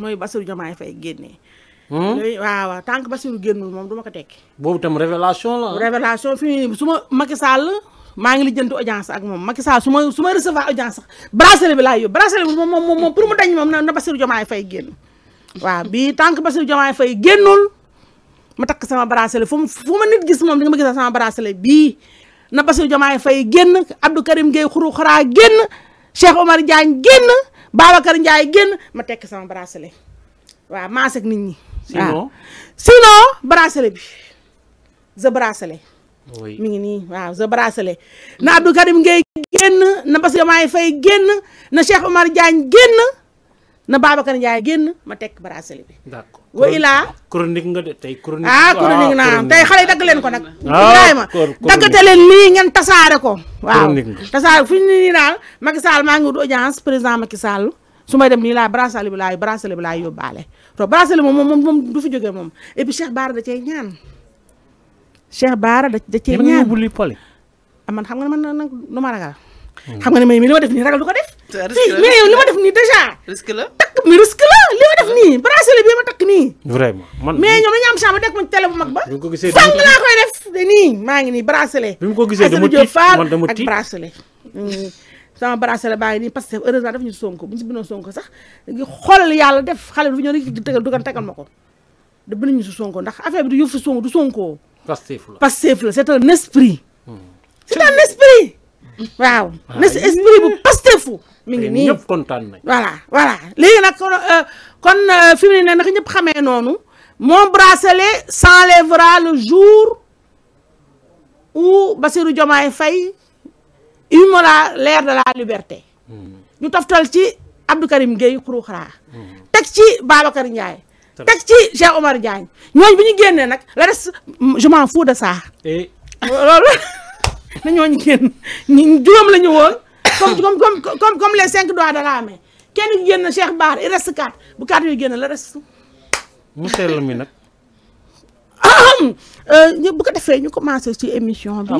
mooy Bassirou Diomaye Faye génnee. Hmm? waaw waaw tant que génnul moom du ma ko tekki. boobu tam révélation la révélation fii su ma Macky maa ngi lijjanti audience ak moom Macky Sall su ma su ma recevoir audience sax bracelet bi laay yóbbu bracelet bi moom mu bii tant que Bassirou Diomaye Faye génnul ma takk sama bracelet fu mu fu ma nit gis moom di nga gis sama bracelet bii na Bassirou Diomaye Faye génn Abdou Karim Gueye xuru génn Cheikh Omar Diagne génn. Babacar Ndiaye génn ma tekki sama bracelet waaw maas ak nit ñi. sinon sinon bracelet bi sa bracelet. mi ngi nii waaw sa bracelet. na Abdou Karim Gueye génn na Bassirou Diomaye génn na Cheikh Omar Diagne génn. na kan yaay genn ma tek bracelet bi. d'accord wa ila chronique nga de chronique. ah, ah chronique na tay xalé dag yi ko nak ah, ko ma Ibrahima daggate leen lii ngeen tassare ko. waaw tassare fu ni nii Macky Sall ma ngi audience président Macky Sall suma dem ni la bracelet bi lay bracelet bi lay yobale to bracelet mom mom mom du fi joge mom et puis Cheikh bar da cey ñaan. Cheikh bar da da ñaan ah, man xam nga man nak duma ragal. Hmm. xam nga may mi li def ni ragal du ko def. mais li ma def nii déjà. takk mi risque la def nii bracelet bi ma takk nii. vraiment man mais ñoom dañoo def ma télé bu mag ba. bi ko gisee nii maa ngi nii bracelet. bi mu ko gisee dama mm. nii parce que ñu si bindoon sonko sax xoolal yàlla def xale bi ñëw da bind ñu si sonko ndax affaire bi du yëf si sonko du sonko. Pastef la Pastef la c'est mm. waaw ah, esprit bu voilà voilà euh, euh, mon bracelet s'enlèvera le jour où Bassirou Diomaye Faye l'air de la liberté Nous mm-hmm. avons ci Abdou Karim Gueye mm-hmm. Taxi ci Ndiaye jean Omar Diagne je m'en fous de ça comme comme comme comme les cinq doigts de la main kenn génn Cheikh Baar il reste quatre bu quatre yooyu génn la reste. mu sell mi nag. Euh, bu ko defee ñu commencé ci émission bi.